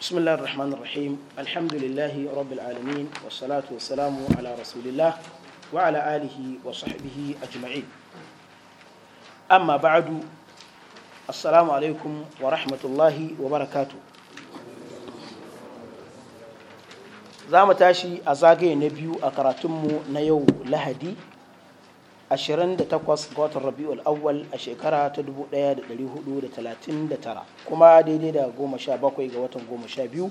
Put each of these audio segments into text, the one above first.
بسم الله الرحمن الرحيم الحمد لله رب العالمين والصلاة والسلام على رسول الله وعلى آله وصحبه أجمعين أما بعد السلام عليكم ورحمة الله وبركاته za mu tashi a zagaye na biyu a karatunmu na yau lahadi 28 ga watan rabi'ul awwal a shekara ta 1439 kuma daidai da 17 ga watan 12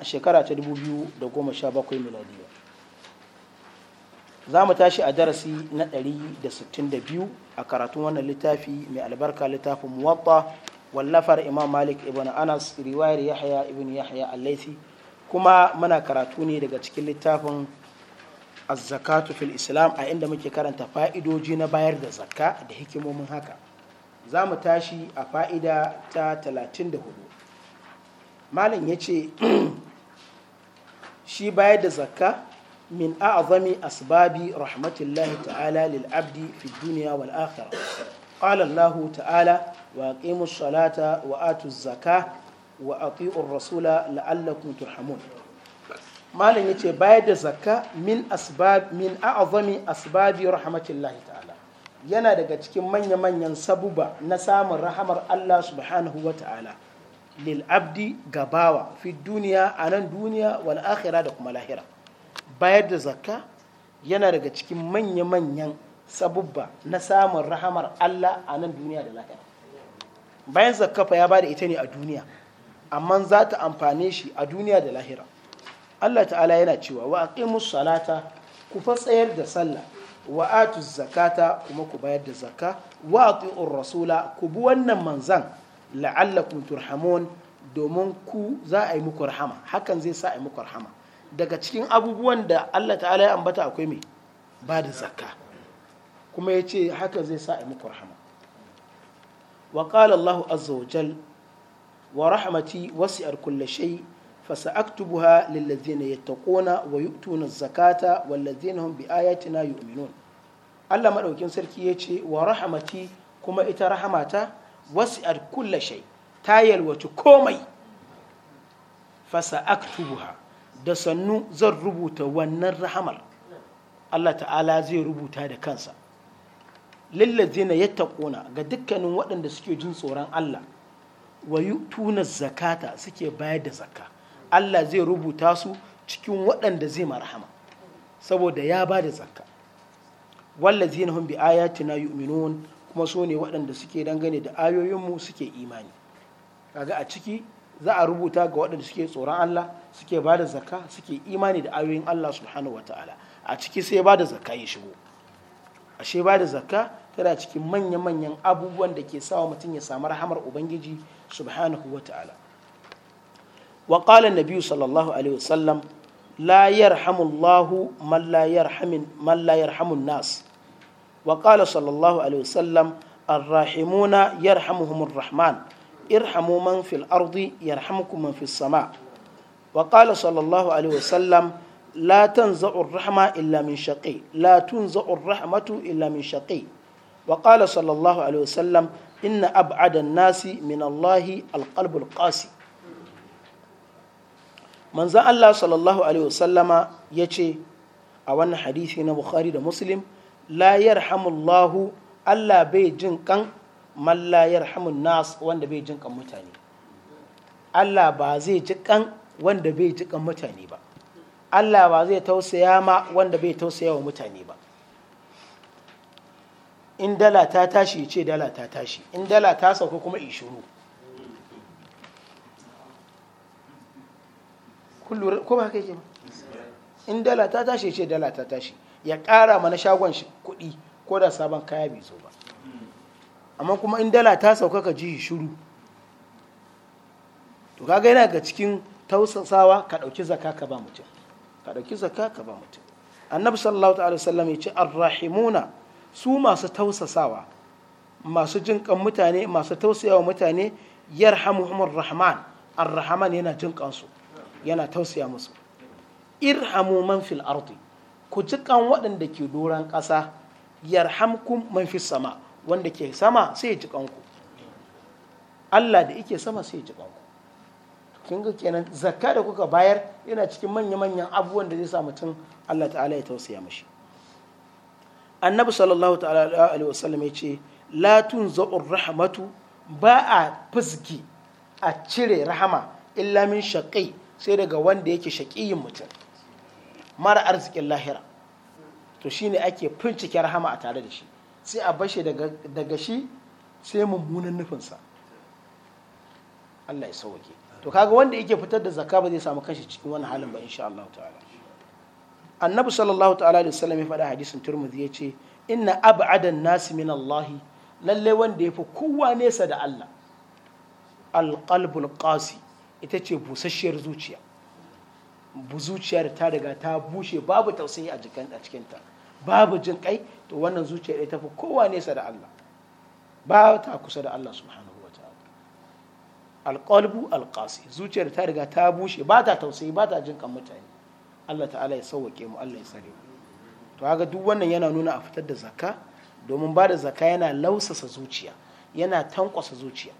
a shekara ta 2017 miladiya za mu tashi a darasi na 162 a karatun wannan littafi mai albarka littafin muwatta wallafar imam malik ibn anas riwayar yahya ibn yahya al kuma muna karatu ne daga cikin littafin az-zakatu fil islam a inda muke karanta fa'idoji na bayar da zakka da hikimomin haka za mu tashi a fa'ida ta 34 malam ya ce shi bayar da zakka min a'zami asbabi rahmatullahi ta'ala lil abdi fi duniya wal akhirah qala Allah ta'ala wa aqimus salata wa atuz zakah wa ati'ur rasula la'allakum turhamun malam yace bayar da zakka min asbab min a'zami asbabi rahmatillahi ta'ala yana daga cikin manya-manyan sabuba na samun rahamar Allah subhanahu wa ta'ala lil abdi gabawa fi duniya a nan duniya wal akhira da kuma lahira bayar da zakka yana daga cikin manya-manyan sabubba na samun rahamar Allah a nan duniya da lahira bayan zakka fa ya bada ita ne a duniya amma za ta amfane shi a duniya da lahira Allah ta'ala yana cewa wa aqimus salata ku fatsayar da sallah wa atuz zakata kuma ku bayar da zakka wa atiur rasula ku bi wannan manzan la'allakum turhamun domin ku za a yi muku rahama hakan zai sa a yi muku rahama daga cikin abubuwan da Allah ta'ala ya ambata akwai mai ba da zakka kuma yace haka zai sa a yi muku rahama wa qala azza wa jal wa rahmati wasi'ar kulli fasa aktu buha lalazi na yatta kona wa zakata allah maɗaukin sarki ya ce wa rahamati kuma ita rahamata wasu a kulla shai ta yalwaci komai fasa aktu buha da sannu zan rubuta wannan rahmar. allah ta'ala zai rubuta da kansa lallazi na yatta kona ga dukkanin waɗanda suke jin tsoron allah wa yi zakata suke bayar da zakka Allah zai rubuta su cikin waɗanda zai marhama saboda ya ba da zakka wallazi na hun ayati na yu'minun kuma su ne waɗanda suke dangane da ayoyinmu suke imani kaga a ciki za a rubuta ga waɗanda suke tsoron Allah suke ba da zakka suke imani da ayoyin Allah subhanahu wataala a ciki sai ba da zakka ya shigo ashe ba da zakka tana cikin manya-manyan abubuwan da ke sawa mutum ya samu rahamar ubangiji subhanahu wataala wa nabi'u an-nabi sallallahu alaihi la yarhamu Allah man la yarhamin man la yarhamu nas wa qala sallallahu alaihi wasallam ar rahman irhamu man fil ardi yarhamkum man fis sama wa qala sallallahu alaihi wasallam لا تنزع الرحمة إلا من شقي لا تنزع الرحمة إلا من شقي وقال صلى الله عليه وسلم إن أبعد الناس من الله القلب القاسي manzan Allah sallallahu alaihi wasallama ya ce a wannan hadisi na Bukhari da Muslim la yarhamullahu Allah bai jin kan man la yarhamun nas wanda bai jin kan mutane Allah ba zai ji kan wanda bai ji kan mutane ba Allah ba zai tausaya ma wanda bai tausaya wa mutane ba in dala ta tashi ce dala ta tashi in dala ta sauka kuma ishuru kullum ko ba haka yake ba in dala ta tashi ce dala ta tashi ya ƙara mana shagon shi kuɗi ko da sabon kaya bai zo ba amma kuma in dala ta sauka ka ji shiru to kaga yana ga cikin tausasawa ka ɗauki zaka ka ba mutum ka ɗauki zaka ka ba mutum annabi sallallahu ta'ala sallam ya ce arrahimuna su masu tausasawa masu jin kan mutane masu tausayawa mutane yarhamuhumur rahman arrahman yana jin kansu yana tausaya musu irhamu man fil ardi ku jikan waɗanda ke doron ƙasa yarhamkum man fis sama wanda ke sama sai ya jikan ku Allah da yake sama sai ya jikan ku kin ga kenan zakka da kuka bayar yana cikin manya-manyan abubuwan da zai sa mutum Allah ta'ala ya tausaya mishi annabi sallallahu ta'ala alaihi wasallam ya ce la tunza'ur rahmatu ba a fizgi a cire rahama illa min shaqi sai daga wanda yake shaƙiyin mutum mara arzikin lahira to shine ake fincike rahama a tare da shi sai a bashe daga shi sai mummunan nufinsa Allah ya sauke to kaga wanda yake fitar da zakka ba zai samu kanshi cikin wani halin ba insha Allah ta'ala annabi sallallahu ta'ala ya faɗa hadisin turmuzi ya ce inna ab'adan nasi min Allah lalle wanda yafi kowa nesa da Allah alqalbul qasi ita ce busasshiyar zuciya zuciyar ta daga ta bushe babu tausayi a cikinta babu jin kai to wannan zuciyar ita fi kowa nesa da Allah ba ta kusa da Allah subhanahu wa ta'ala alqalbu alqasi zuciyar ta riga ta bushe ba ta tausayi ba ta jin kan mutane Allah ta'ala ya sauwake mu Allah ya sare mu to kaga duk wannan yana nuna a fitar da zakka domin ba da zakka yana lausasa zuciya yana tankwasa zuciya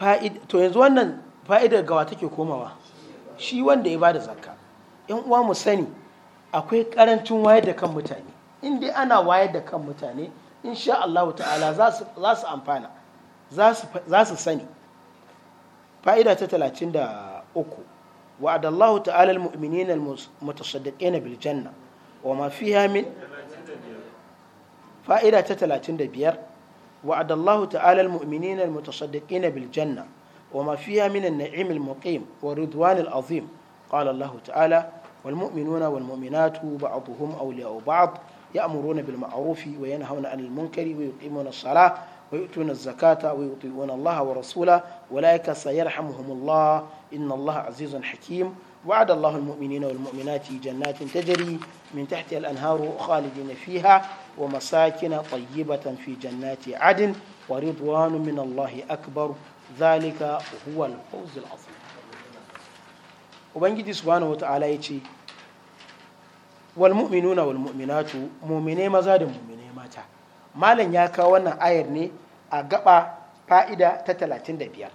to yanzu wannan fa'idar gawa take komawa shi wanda ya ba da zakka yan uwa mu sani akwai karancin wayar da kan mutane in dai ana wayar da kan mutane insha Allah ta'ala za su amfana za su sani fa'ida ta talatin da uku matasaddaɗe na biljanna wa mafi hamin fa'ida ta talatin da biyar. وعد الله تعالى المؤمنين المتصدقين بالجنة وما فيها من النعيم المقيم والرضوان العظيم قال الله تعالى والمؤمنون والمؤمنات بعضهم أولياء بعض يأمرون بالمعروف وينهون عن المنكر ويقيمون الصلاة ويؤتون الزكاة ويطيعون الله ورسوله أولئك سيرحمهم الله إن الله عزيز حكيم وعد الله المؤمنين والمؤمنات جنات تجري من تحتها الأنهار خالدين فيها wa masakina tayyibatan fi jannati adin wa ridwanu min Allah akbar zalika huwa al-fawz al-azim ubangiji subhanahu wata'ala yace wal mu'minuna wal mu'minatu mu'mine maza da mu'mine mata malam ya kawo wannan ayar ne a gaɓa fa'ida ta talatin da biyar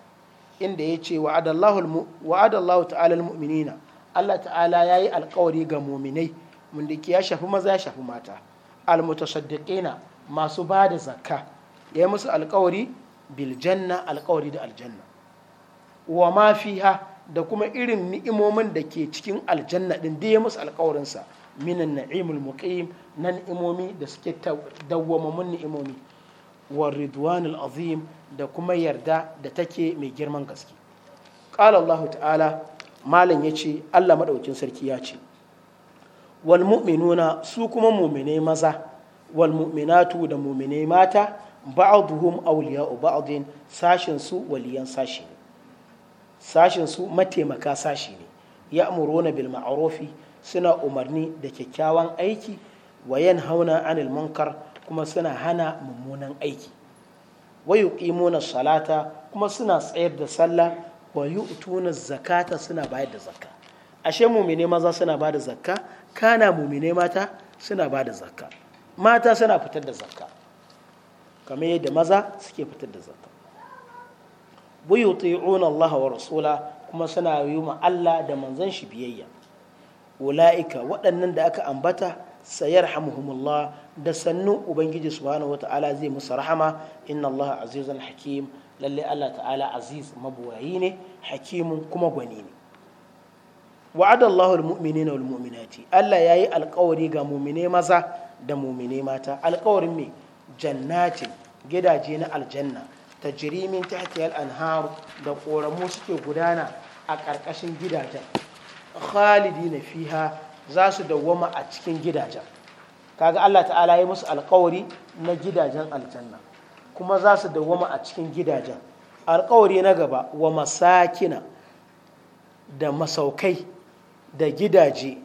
inda ya ce wa'adallahu ta'ala mu'minina Allah ta'ala ya yi alkawari ga muminai wanda ya shafi maza ya shafi mata almutasaddiqina masu ba da zakka ya yi musu alkawari biljanna alkawari da aljanna wa ma fiha da kuma irin ni'imomin da ke cikin aljanna ɗin da ya musu alkawarinsa minan na'imul muqim na ni'imomi da suke dawwamamun ni'imomi wa ridwanul azim da kuma yarda da take mai girman gaske qala allah ta'ala malam yace allah madaukin sarki ya ce wal mu'minuna su kuma mu'mine maza walmuminatu da mu'mine mata ba'dhum awliya'u ba'din sashin su waliyan sashi ne sashin su mataimaka sashi ne ya'muruna bil ma'rufi suna umarni da kyakkyawan aiki wa yanhauna 'anil munkar kuma suna hana mummunan aiki wa yuqimuna salata kuma suna tsayar da sallah wa yu'tuna zakata suna bayar da zakka ashe mu'mine maza suna ba da zakka kana mumine mata suna ba da zakka mata suna fitar da zakka kamar yadda maza suke fitar da zakka ta yi Allah wa rasula kuma suna yi ma Allah da manzon shi biyayya ula'ika waɗannan da aka ambata sayar hamhumullah da sannu ubangiji subhanahu wata'ala zai musu rahama inna Allah azizan hakim lalle Allah ta'ala aziz mabuwayi ne hakimun kuma gwani ne wa'ada Allahul mu'minina wal mu'minati Allah yayi alƙawari ga mu'mine maza da mu'mine mata alƙawarin mai jannatin gidaje na aljanna ta jirimin tahtiha al-anhar da ƙoramu suke gudana a ƙarƙashin gidajen khalidina fiha za su dawwama a cikin gidajen kaga Allah ta'ala ya musu alƙawari na gidajen aljanna kuma za su dawwama a cikin gidajen alƙawari na gaba wa masakina da masaukai da gidaje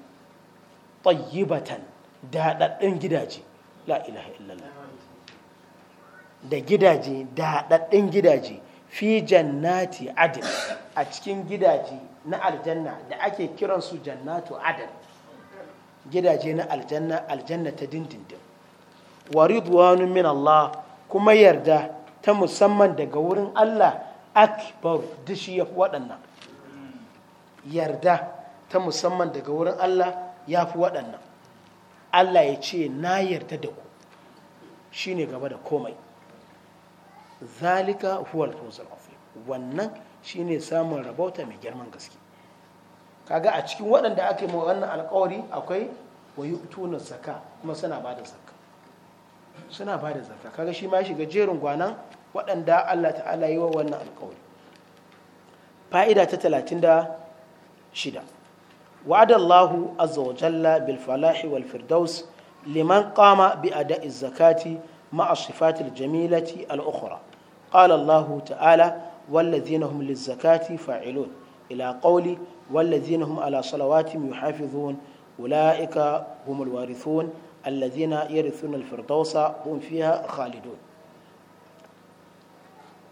tayyibatan daɗaɗɗun gidaje la ilaha illallah da gidaje daɗaɗɗin gidaje fi jannati adil a cikin gidaje na aljanna da ake kiransu jannatu adil gidaje na aljanna aljanna ta dindindin wa ridwanu min Allah kuma yarda ta musamman daga wurin Allah akbar dishi ya waɗannan yarda ta musamman daga wurin Allah ya fi waɗannan Allah ya ce na yarda da ku shi ne gaba da komai zalika huwal fawzul wannan shine samun rabauta mai girman gaske kaga a cikin waɗanda ake ma wannan alƙawari akwai wa yu'tuna zakka kuma suna bada zakka suna bada zakka kaga shi ma shiga jerin gwanan waɗanda Allah ta'ala yi wa wannan alƙawari fa'ida ta talatin da shida وعد الله عز وجل بالفلاح والفردوس لمن قام بأداء الزكاة مع الصفات الجميلة الأخرى قال الله تعالى والذين هم للزكاة فاعلون إلى قول والذين هم على صلواتهم يحافظون أولئك هم الوارثون الذين يرثون الفردوس هم فيها خالدون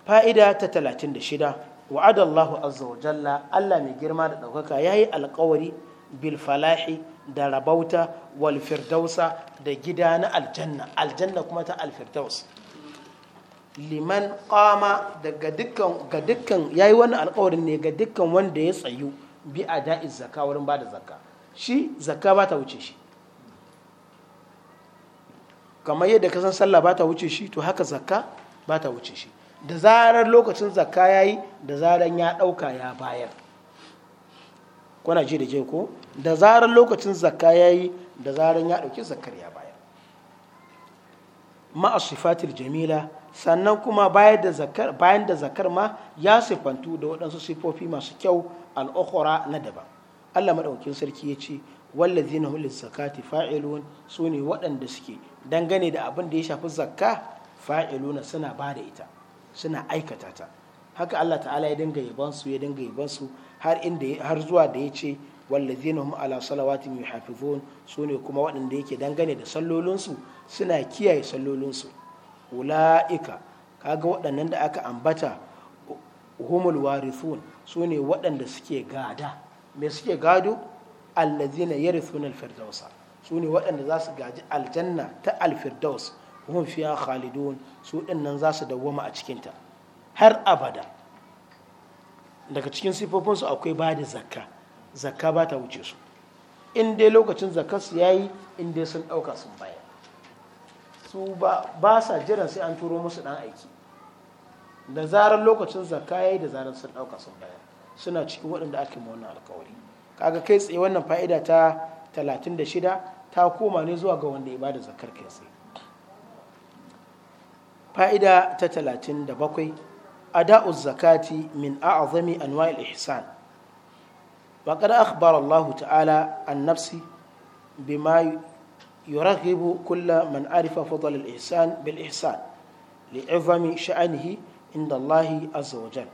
فائدة تتلاتين شدة wa'ada Allahu azza wa jalla Allah mai girma da ɗaukaka ya yi alkawari bil falahi da rabauta wal firdausa da gida na aljanna aljanna kuma ta firdaus liman qama daga dukkan ga dukkan yayi wannan alkawarin ne ga dukkan wanda ya tsayu bi ada'iz zakka wurin bada zakka shi zakka ba ta wuce shi kamar yadda ka san sallah ba ta wuce shi to haka zakka ba ta wuce shi da zarar lokacin zakka ya yi da zarar ya ɗauka ya bayar kuna ji da ke ko da zarar lokacin zakka ya yi da zarar ya ɗauki zakkar ya bayar ma'a sifatil jamila sannan kuma bayan da zakar ma ya siffantu da waɗansu siffofi masu kyau al'ukura na daban allah maɗaukin sarki ya ce wallazi na hulis zakati fa'ilun su ne waɗanda suke dangane da abin da ya shafi zakka fa'iluna suna ba da ita suna aikata ta haka Allah ta'ala ya dinga yaban su ya dinga yaban su har inda har zuwa da ya ce wallazina hum ala salawatin yuhafizun sune kuma waɗanda yake dangane da sallolinsu suna kiyaye su ula'ika kaga waɗannan da aka ambata humul warithun sune waɗanda suke gada me suke gado allazina yarithuna alfirdausa sune waɗanda za su gaji aljanna ta alfirdaus hum fiya khalidun su dinnan za su dawwama a cikinta har abada daga cikin sifofinsu akwai ba da zakka zakka ba ta wuce su in dai lokacin zakkarsu ya yi in dai sun ɗauka sun bayar su ba sa jiran sai an turo musu ɗan aiki da zarar lokacin zakka ya yi da zarar sun ɗauka sun bayar suna cikin waɗanda ake ma wannan alkawari kaga kai tsaye wannan fa'ida ta 36 ta koma ne zuwa ga wanda ya bada zakkar kai tsaye fa'ida ta talatin da bakwai ada'uz zakati min a'azami anwa'il ihsan faƙar akhbar Allah ta'ala an nafsi bima yurghibu kulla man arifa fadl al ihsan bil ihsan li azami sha'anihi inda Allah azza wa jal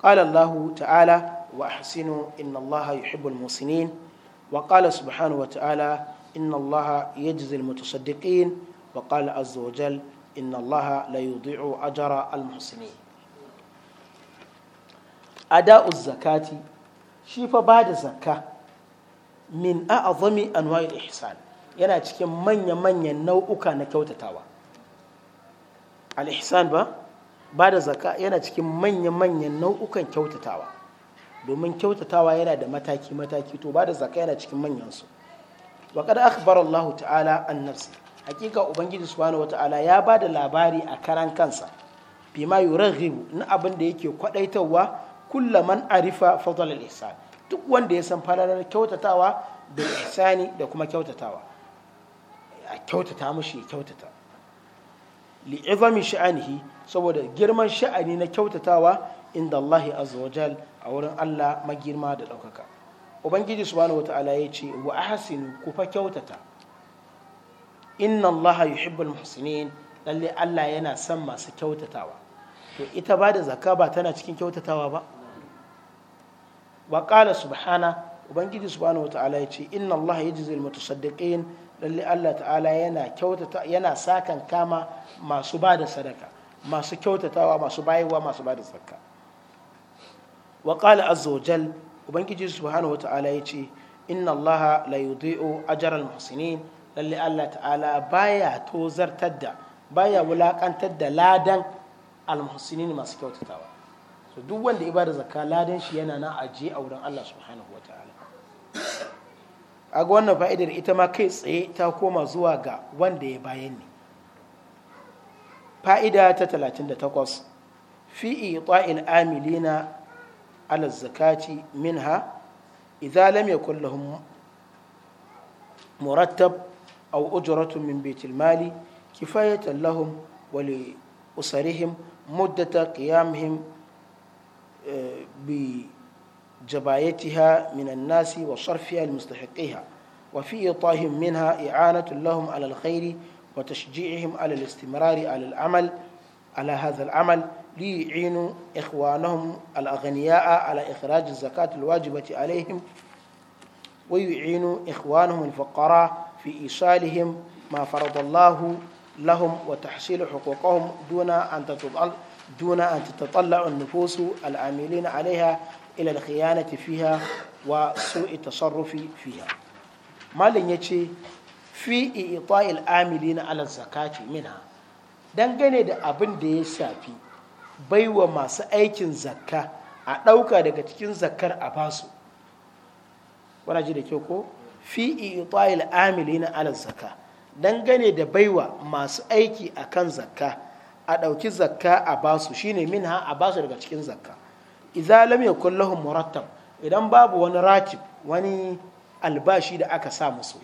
qala Allah ta'ala wa ahsinu inna Allah yuhibbu al muhsinin wa qala subhanahu wa ta'ala inna Allah yajzi al mutasaddiqin وقال عز وجل inna Allah la yudhi'u ajra al muhsinin ada'u zakati shi fa bada zakka min a'zami anwa'il ihsan yana cikin manya-manyan nau'uka na kyautatawa al-ihsan ba ba da zaka yana cikin manya-manyan nau'ukan kyautatawa domin kyautatawa yana da mataki-mataki to ba da zaka yana cikin manyansu wa kada akhbar ta'ala an nafsi hakika ubangiji subhanahu wataala ya ba da labari a karan kansa bima yuraghibu na abin da yake kwadaitarwa kullaman arifa fadl al-ihsan duk wanda ya san falalar kyautatawa da ihsani da kuma kyautatawa a kyautata mushi ya kyautata li'izami sha'anihi saboda girman sha'ani na kyautatawa inda Allah azza wajal a wurin Allah magirma da ɗaukaka ubangiji subhanahu wataala ya ce wa ahsinu ku kyautata inna allaha yuhibbul muhsinin lalle Allah yana son masu kyautatawa to ita ba da zakka ba tana cikin kyautatawa ba wa qala subhana ubangiji subhanahu wataala ya ce inna allaha yajzi mutasaddiqin lalle Allah ta'ala yana kyautata yana sakan kama masu ba da sadaka masu kyautatawa masu bayarwa masu ba da zakka wa qala azza wajal ubangiji subhanahu wataala ya ce inna allaha la yudhi'u ajra al muhsinin lalle Allah ta'ala baya tozartar da baya wulakantar da ladan almuhsinin masu kyautatawa so duk wanda ya da zakka ladan shi yana na aje a wurin Allah subhanahu wataala ga wannan fa'idar ita ma kai tsaye ta koma zuwa ga wanda ya bayan ne fa'ida ta 38 fi ita'il amilina ala zakati minha idza lam yakul lahum murattab أو أجرة من بيت المال كفاية لهم ولأسرهم مدة قيامهم آه، بجبايتها من الناس وصرفها لمستحقيها وفي إيطائهم منها إعانة لهم على الخير وتشجيعهم على الاستمرار على العمل على هذا العمل ليعينوا إخوانهم الأغنياء على إخراج الزكاة الواجبة عليهم ويعينوا إخوانهم الفقراء في إيصالهم ما فرض الله لهم وتحصيل حقوقهم دون أن تتطلع دون أن تتطلع النفوس العاملين عليها إلى الخيانة فيها وسوء التصرف فيها ما لن يتي في إيطاء العاملين على الزكاة منها dangane da abin da ya shafi baiwa masu aikin zakka a ɗauka daga cikin zakkar a basu wana ji da kyau ko fi ita'il amilina ala zakka dangane da baiwa masu aiki akan zakka a ɗauki zakka a basu shine minha a basu daga cikin zakka idza lam yakul lahum murattab idan babu wani ratib wani albashi da aka sa musu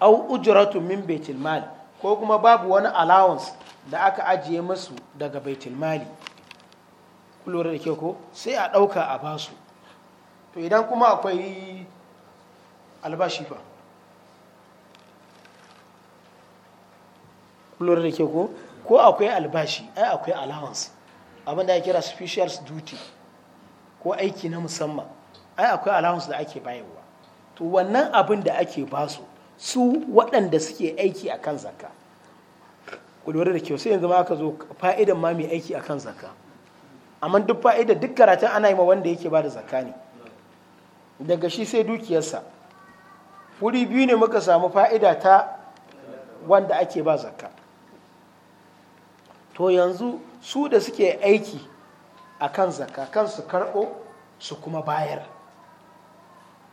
au ujratu min baitul mal ko kuma babu wani allowance da aka ajiye musu daga baitul mali kullum da kyau ko sai a ɗauka a basu to idan kuma akwai albashi ba kullum da ke ko ko akwai albashi ai akwai allowance abin da ya kira special duty ko aiki na musamman ai akwai allowance da ake bayarwa to wannan abin da ake basu su waɗanda suke aiki a kan zaka ku da ke sai yanzu ma aka zo fa'idan ma mai aiki a kan zaka amma duk fa'ida duk karatun ana yi ma wanda yake ba da zaka ne daga shi sai dukiyarsa wuri biyu ne muka samu fa'ida ta wanda ake ba zakka to yanzu su da suke aiki a kan zakka kan su karɓo su kuma bayar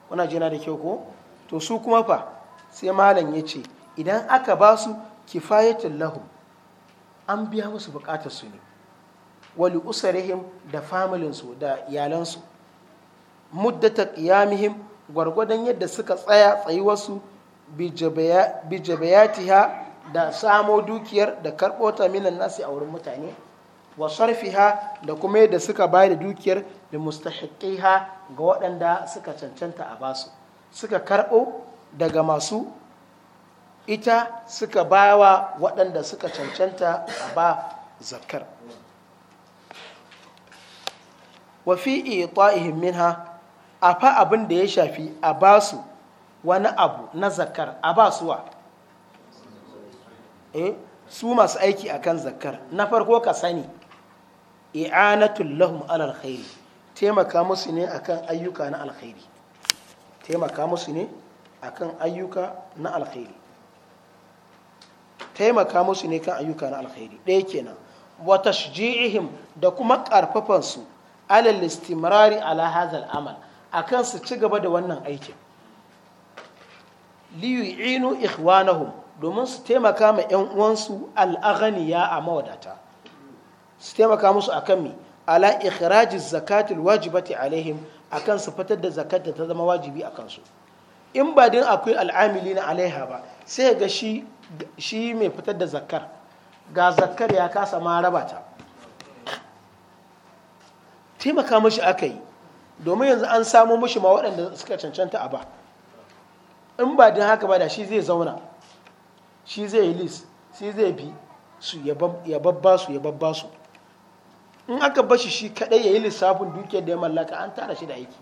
wana jina da kyau ko to su kuma fa sai malam ya ce idan aka ba su kifayatin lahu an biya musu bukatarsu ne wali usarihim da familinsu da iyalansu muddata qiyamihim gwargwadon yadda suka tsaya tsayuwarsu bi jabayatiha da samo dukiyar da karɓo ta minan nasi a wurin mutane wa sarfiha da kuma yadda suka bayar da dukiyar da mustahiqiha ga waɗanda suka cancanta a basu suka karɓo daga masu ita suka bawa waɗanda suka cancanta a ba zakar wa fi ita'ihim minha a fa abin da ya shafi a ba su wani abu na zakar a ba su eh su masu aiki akan zakar na farko ka sani i'anatul lahum alal alkhairi taimaka musu ne akan ayyuka na alkhairi taimaka musu ne akan ayyuka na alkhairi taimaka musu ne kan ayyuka na alkhairi ɗaya kenan wa tashji'ihim da kuma ƙarfafansu alal istimrari ala hadha amal akan su ci gaba da wannan aikin liyu'inu ikhwanahum domin su taimaka ma yan uwansu al'aghaniya a mawadata su taimaka musu akan mi ala ikhraji zakatul wajibati alaihim akan su fitar da zakat ta zama wajibi a kansu in ba din akwai al'amili na alaiha ba sai ga shi shi mai fitar da zakar ga zakar ya kasa ma raba ta taimaka mashi aka yi domin yanzu an samo mushi ma waɗanda suka cancanta a ba in ba din haka ba da shi zai zauna shi zai yi lis shi zai bi su ya babba su ya babba su in aka bashi shi kaɗai ya yi lissafin dukiyar da ya mallaka an tara shi da aiki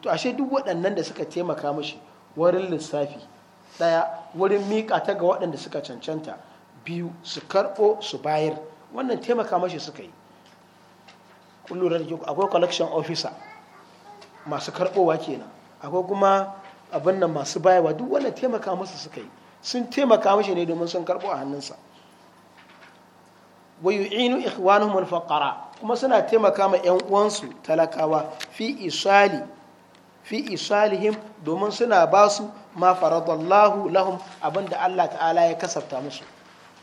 to ashe duk waɗannan da suka taimaka mashi wurin lissafi ɗaya wurin miƙa ta ga waɗanda suka cancanta biyu su karɓo su bayar wannan taimaka mashi suka yi kun lura da kyau akwai collection officer masu karbowa kenan akwai kuma abin nan masu bayawa duk wanda taimaka masa suka yi sun taimaka mashi ne domin sun karbo a hannunsa wa yu'inu ikhwanuhum al-faqara kuma suna taimaka ma yan uwansu talakawa fi isali fi isalihim domin suna ba su ma faradallahu lahum abinda Allah ta'ala ya kasafta musu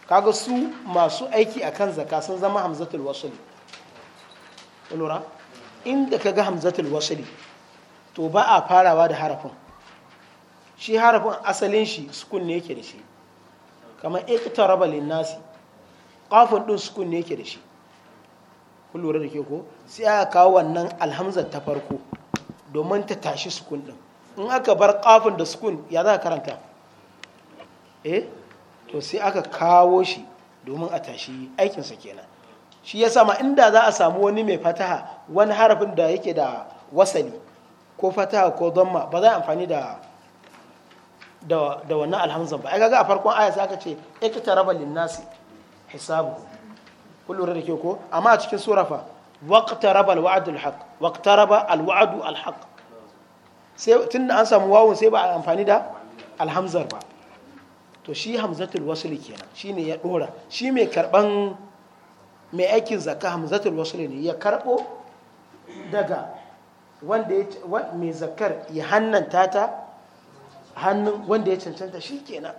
kaga su masu aiki akan zakka sun zama hamzatul wasl lura inda ka ga hamzatul wasali to ba a farawa da harafin shi harafin asalin shi sukun ne yake da shi kamar iqtaraba linnasi Kafin din sukun ne yake da shi ku lura da ke ko sai aka kawo wannan alhamzar ta farko domin ta tashi sukun din in aka bar kafin da sukun ya za karanta eh to sai aka kawo shi domin a tashi aikinsa kenan shi ya sama inda za a samu wani mai fataha wani harafin da yake da wasali ko fataha ko zama ba za a amfani da da wannan alhamzan ba ai kaga a farkon aya sai aka ce iktaraba linnasi hisabu Kullum da ke ko amma a cikin sura fa waqtaraba alwa'du alhaq waqtaraba alwa'du alhaq sai tunda an samu wawun sai ba a amfani da alhamzar ba to shi hamzatul wasl kenan shine ya dora shi mai karban mai aikin zakka hamzatul wasu ne ya karɓo daga wanda ya mai zakkar ya hannun tata hannun wanda ya cancanta shi kenan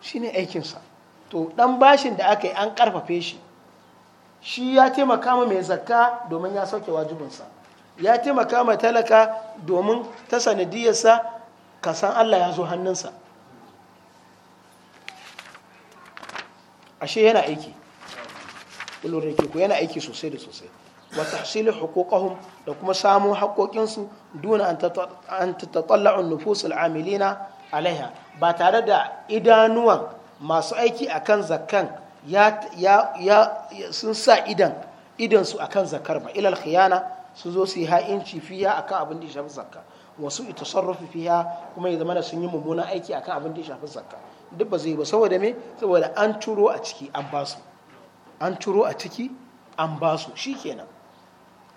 shi ne aikinsa to ɗan bashin da aka yi an ƙarfafe shi shi ya taimaka ma mai zakka domin ya sauke wajibinsa ya taimaka ma talaka domin ta sanadiyarsa san allah ya zo hannunsa ashe yana aiki kullum da ke yana aiki sosai da sosai wa tahsilu huquqahum da kuma samu haƙoƙin su duna an tatatalla'u nufusul al'amilina alaiha ba tare da idanuwan masu aiki akan zakkan ya ya sun sa idan idan su akan zakkar ba ilal khiyana su zo su yi ha'inci fiya akan abin da ya shafi zakka wasu ita fiya kuma ya zama sun yi mummunan aiki akan abin da ya shafi zakka duk ba zai ba saboda me saboda an turo a ciki an basu an ciro a ciki an ba su shi kenan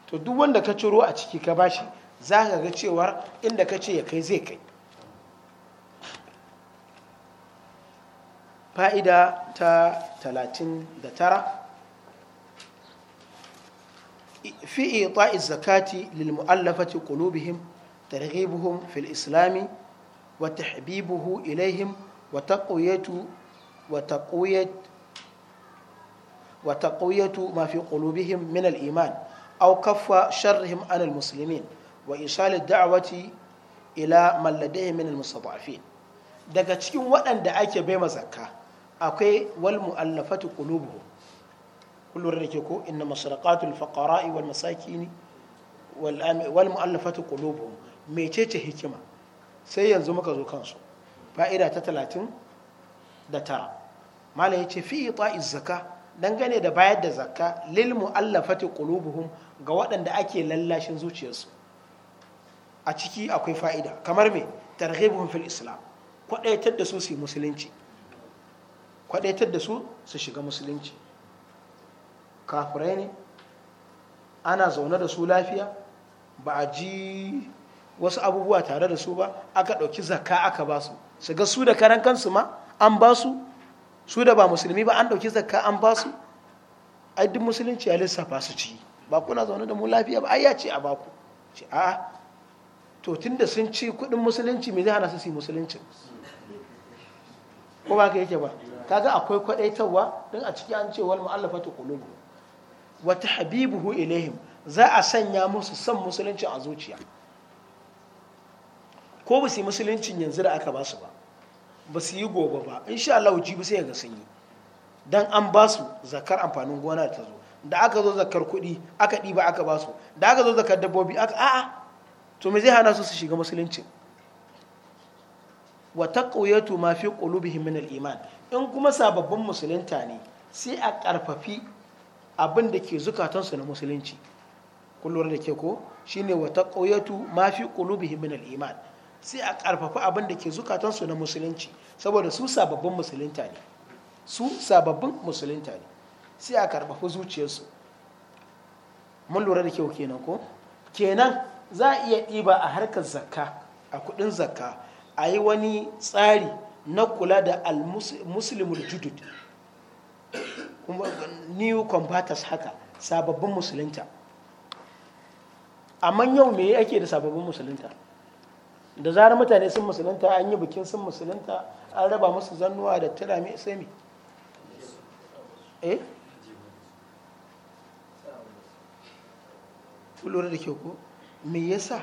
to duk wanda ka ciro a ciki ka ba shi za ka ga cewar inda ka ce ya kai zai kai fa'ida ta 39 fi ita'i zakati lil mu'allafati qulubihim targhibuhum fil islami wa tahbibuhu ilaihim wa taqwiyatu wa taqwiyatu وتقوية ما في قلوبهم من الإيمان أو كف شرهم عن المسلمين وإيصال الدعوة إلى من لديه من المستضعفين daga cikin waɗanda ake bai zakka akwai wal mu'allafatu qulubuhum kullum da ke ko inna masarqatul faqara'i wal masakini wal wal mu'allafatu qulubuhum mecece hikima sai yanzu muka zo kansu fa'ida ta 39 malam ce fi ita'iz zakka dangane da bayar da zakka lilmu lil mu'allafati qulubuhum ga waɗanda ake lallashin zuciyarsu a ciki akwai fa'ida kamar me targhibuhum fil islam kwadaitar da su su musulunci kwadaitar da su su shiga musulunci kafirai ne ana zaune da su lafiya ba a ji wasu abubuwa tare da su ba aka ɗauki zakka aka ba su su ga su da karan kansu ma an ba su su da ba musulmi ba an ɗauki zakka an ba su ai duk musulunci ya lissafa su ci ba kuna zaune da mu lafiya ba ai ya ce a baku ce a to tunda sun ci kuɗin musulunci me zai hana su su musulunci ko ba ka yake ba kaga akwai kwaɗaitarwa don a ciki an ce wal mu'allafatu qulubu wa tahbibuhu ilaihim za a sanya musu san musulunci a zuciya ko ba su yi yanzu da aka ba su ba ba su yi gobe ba in sha Allah ji ba sai ga sun yi dan an ba su zakar amfanin gona ta zo da aka zo zakar kuɗi aka ɗiba aka ba su da aka zo zakar dabbobi aka a'a to me zai hana su su shiga musulunci wa taqwiyatu ma fi qulubihim min al-iman in kuma sababbin musulunta ne sai a karfafi abin da ke zukatansu na musulunci kullum da ke ko shine wa taqwiyatu ma fi qulubihim min al-iman sai a ƙarfafa abin da ke zukatansu na musulunci saboda su sababbin musulunta ne su sababbin musulunta ne sai a karfafi zuciyarsu mun lura da kyau kenan ko kenan za a iya ɗiba a harkar zakka a kuɗin zakka a yi wani tsari na kula da al-muslimul judud new combatants haka sababbin musulunta amma yau me ake da sababbin musulunta da zarar mutane sun musulunta an yi bikin sun musulunta an raba musu zannuwa da turami sai me eh lura da ke ku, me yasa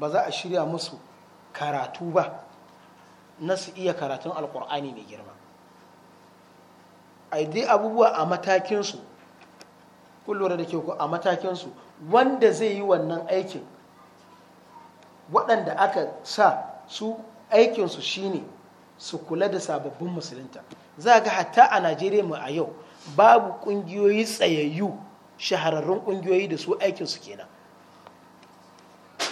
ba za a shirya musu karatu ba na su iya karatun alkur'ani mai girma a dai abubuwa a matakinsu da ke ku, a matakinsu wanda zai yi wannan aikin waɗanda aka sa su aikinsu shine su kula da sababbin musulunta za ga hatta a najeriya mu a yau babu ƙungiyoyi tsayayyu shahararrun ƙungiyoyi da su aikinsu kenan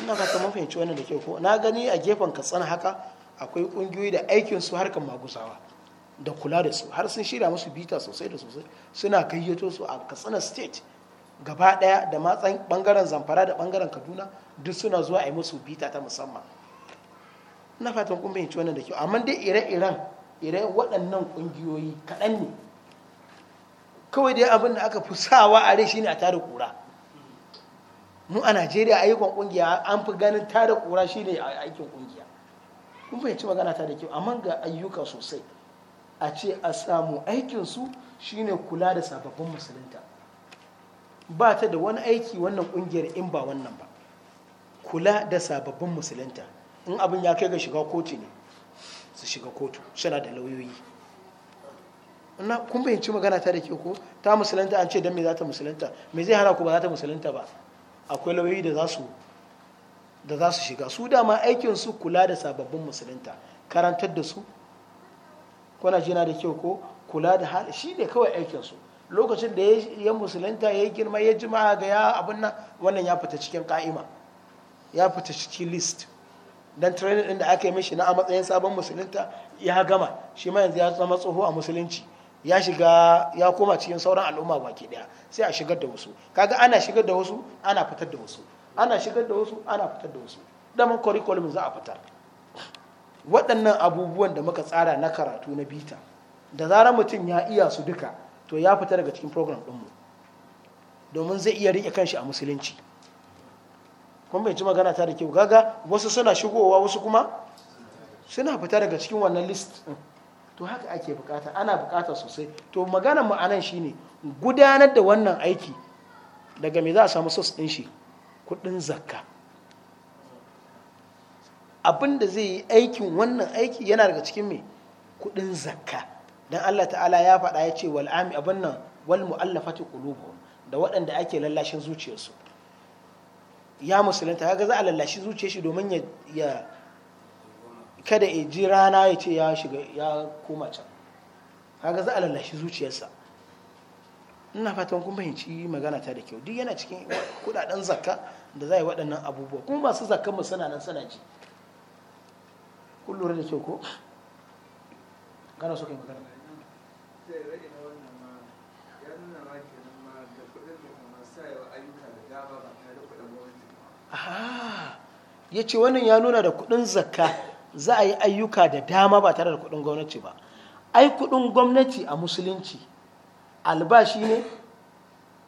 ina ka mun fahimci wannan da kyau ko na gani a gefen katsina haka akwai ƙungiyoyi da aikinsu harkar magusawa da kula da su har sun shirya musu bita sosai da sosai suna kayyato su a katsina state gaba ɗaya da matsan bangaren zamfara da ɓangaren kaduna duk suna zuwa a yi musu bita ta musamman na fatan kun bayyance wannan da kyau amma dai ire-iren ire waɗannan ƙungiyoyi kaɗan ne kawai dai abin da aka fi sawa a rai shine a tada kura mu a najeriya ayyukan ƙungiya an fi ganin tada kura shine a aikin ƙungiya kun fahimci magana ta da kyau amma ga ayyuka sosai a ce a samu aikinsu shine kula da sababbin musulunta ba ta da wani aiki wannan ƙungiyar in ba wannan ba kula da sababbin musulunta in abin ya kai ga shiga kotu ne su shiga kotu suna da lauyoyi na kun bayyanci magana ta da ke ko ta musulunta an ce don me za ta musulunta me zai hana ku ba za ta musulunta ba akwai lauyoyi da za su shiga su dama aikin su kula da sababbin musulunta karantar da su kuna jina da kyau ko kula da hali shi ne kawai aikin su lokacin da ya musulunta ya yi girma ya jima ga ya abin nan wannan ya fita cikin ka'ima ya fita cikin list dan training din da aka yi mishi na a matsayin sabon musulunta ya gama shi ma yanzu ya zama tsoho a musulunci ya shiga ya koma cikin sauran al'umma baki daya sai a shigar da wasu kaga ana shigar da wasu ana fitar da wasu ana shigar da wasu ana fitar da wasu daman curriculum za a fitar waɗannan abubuwan da muka tsara na karatu na bita da zarar mutum ya iya su duka to ya fita daga cikin program ɗinmu domin zai iya riƙe kanshi a musulunci kuma bai ci magana ta da kyau gaga wasu suna shigowa wasu kuma suna fita daga cikin wannan list to haka ake bukata ana bukata sosai to magana mu anan shine gudanar da wannan aiki daga me za a samu sos din shi kudin zakka abin da zai yi aikin wannan aiki yana daga cikin mai kudin zakka dan Allah ta'ala ya faɗa ya ce wal ami abin nan wal mu'allafati qulubuhum da waɗanda ake lallashin zuciyarsu ya musulunta kaga za a lallashi zuce shi domin ya kada ya ji rana ya ce ya shiga ya koma can kaga za a lallashi zuciyarsa ina fatan kun bayanci magana ta da kyau duk yana cikin kudaden zakka da za a yi waɗannan abubuwa kuma masu zakkan mu suna nan suna ji kun lura da kyau ko gana su kai magana ya ce wannan ya nuna da kuɗin zakka za a yi ayyuka da dama ba tare da kuɗin gwamnati ba ai kuɗin gwamnati a musulunci albashi ne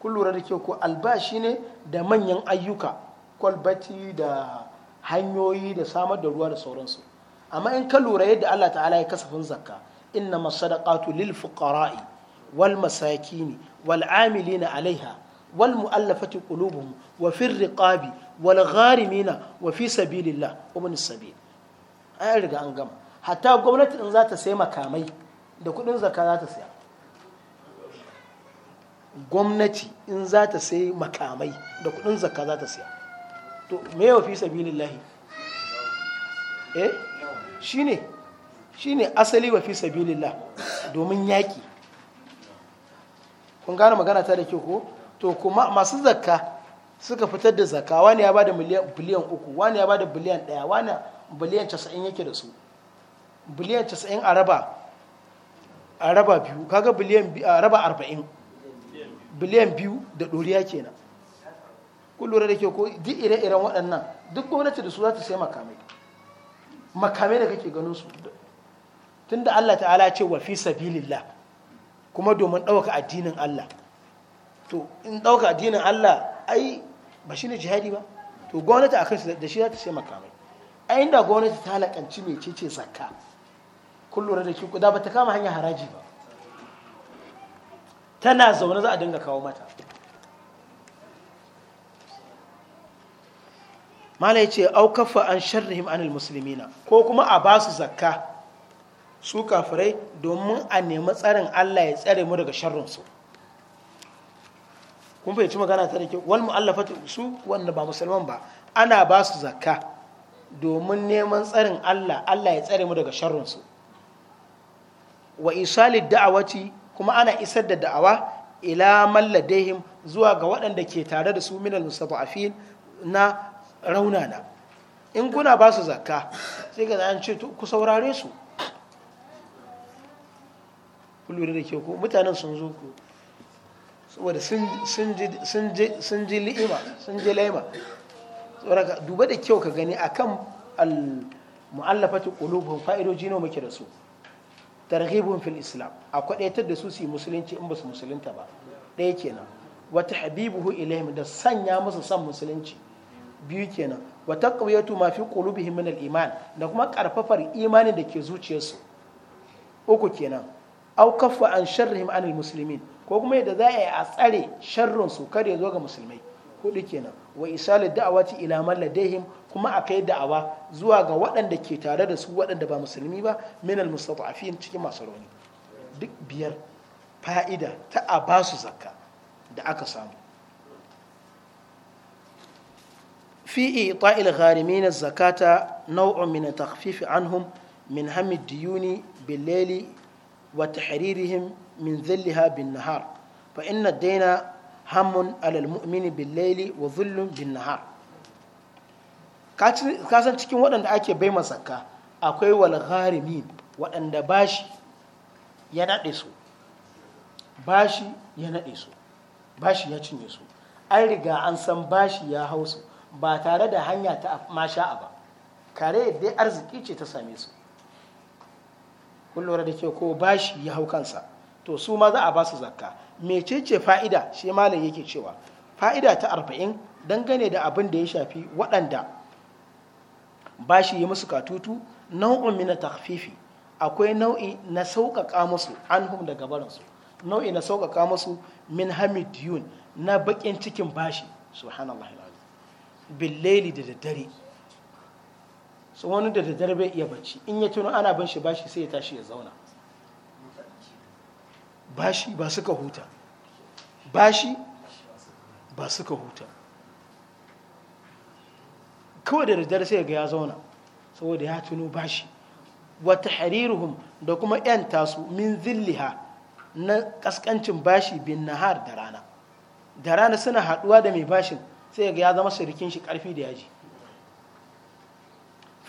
kun lura da ke ko albashi ne da manyan ayyuka kwalbati da hanyoyi da samar da ruwa da sauransu amma in ka lura yadda Allah ta'ala ya kasafin zakka inna masadaqatu lil fuqara'i wal masakini wal amilina alaiha wal mu'allafati qulubuhum wa fir riqabi wal gharimina wa fi sabilillah ibn sabil ai riga an gama hatta gwamnati din za sai makamai da kudin gwamnati in za ta sai makamai da kudin zakka za ta to me wa fi sabilillahi eh shine shine asali wa fi sabilillah domin yaki kun gane magana ta da ke ko to kuma masu zakka suka fitar da zakka wani ya bada biliyan uku wani ya bada biliyan ɗaya wani biliyan casa'in yake da su biliyan casa'in a raba a raba biyu kaga biliyan a raba arba'in biliyan biyu da ɗoriya kenan ku lura da ke ko duk ire-iren waɗannan duk gwamnati da su za ta sai makamai makamai da kake ganin su tun da Allah ta'ala ce wa fi sabilillah kuma domin ɗauka addinin Allah to in ɗauka addinin Allah ai ba shi ne jihadi ba to gwamnati a shi da shi za ta sai makamai ai inda gwamnati ta halakanci mai cece zakka kun lura da ki da ba ta kama hanyar haraji ba tana zaune za a dinga kawo mata mala ya ce aukafa an sharrihim anil musulmina ko kuma a ba su zakka su kafirai domin a nemi tsarin allah ya tsare mu daga sharrinsu kun fahimci magana ta da ke wal mu'allafatu su wanda ba musulman ba ana ba su zakka domin neman tsarin Allah Allah ya tsare mu daga sharrin su wa isali da'awati kuma ana isar da da'awa ila malladehim zuwa ga waɗanda ke tare da su minal mustada'afin na raunana in kuna ba su zakka sai ga an ce ku saurare su da ke ku mutanen sun zo ku saboda sun ji li'ima sun ji laima tsoraka duba da kyau ka gani akan al muallafatu qulubuhum fa'idoji ne muke da su targhibun fil islam a kwadaitar da su su musulunci in ba su musulunta ba daya kenan wata habibuhu ilaihim da sanya musu san musulunci biyu kenan wata qawiyatu ma fi qulubihim min iman da kuma karfafar imani da ke zuciyarsu uku kenan au kaffa an sharrihim anil muslimin ko kuma yadda za a yi a tsare sharrin su kar ya zo ga musulmai hudu kenan wa isalu da'awati ila man ladaihim kuma a kai da'awa zuwa ga waɗanda ke tare da su waɗanda ba musulmi ba minal mustata'afin cikin masu rauni duk biyar fa'ida ta a ba su zakka da aka samu fi ita'il gharimin zakata nau'un min takhfif anhum min hamid diyuni bil وتحريرهم من ذلها بالنهار فإن الدين هم على المؤمن بالليل وذل بالنهار kasan cikin waɗanda ake bai masaka akwai walgharimin waɗanda bashi ya naɗe su bashi ya naɗe su bashi ya cinye su an riga an san bashi ya hau ba tare da hanya ta masha'a ba kare dai arziki ce ta same su kun lura da ke ko bashi ya hau kansa to su ma za a ba su zakka mecece fa'ida shi malam yake cewa fa'ida ta arba'in dangane da abin da ya shafi waɗanda bashi ya musu katutu nau'in mina takfifi akwai nau'i na sauƙaƙa musu an anhum daga barinsu nau'i na sauƙaƙa musu min Yun na baƙin cikin bashi subhanallah billeli da daddare su wani da daddare bai iya bacci in ya tuno ana ban shi bashi sai ya tashi ya zauna bashi ba suka huta bashi ba suka huta kawai da daddare sai ga ya zauna saboda ya tuno bashi wata hariruhun da kuma 'yan tasu min zilliha na kaskancin bashi bin nahar da rana da rana suna haduwa da mai bashin sai ga ya zama surikin shi karfi da yaji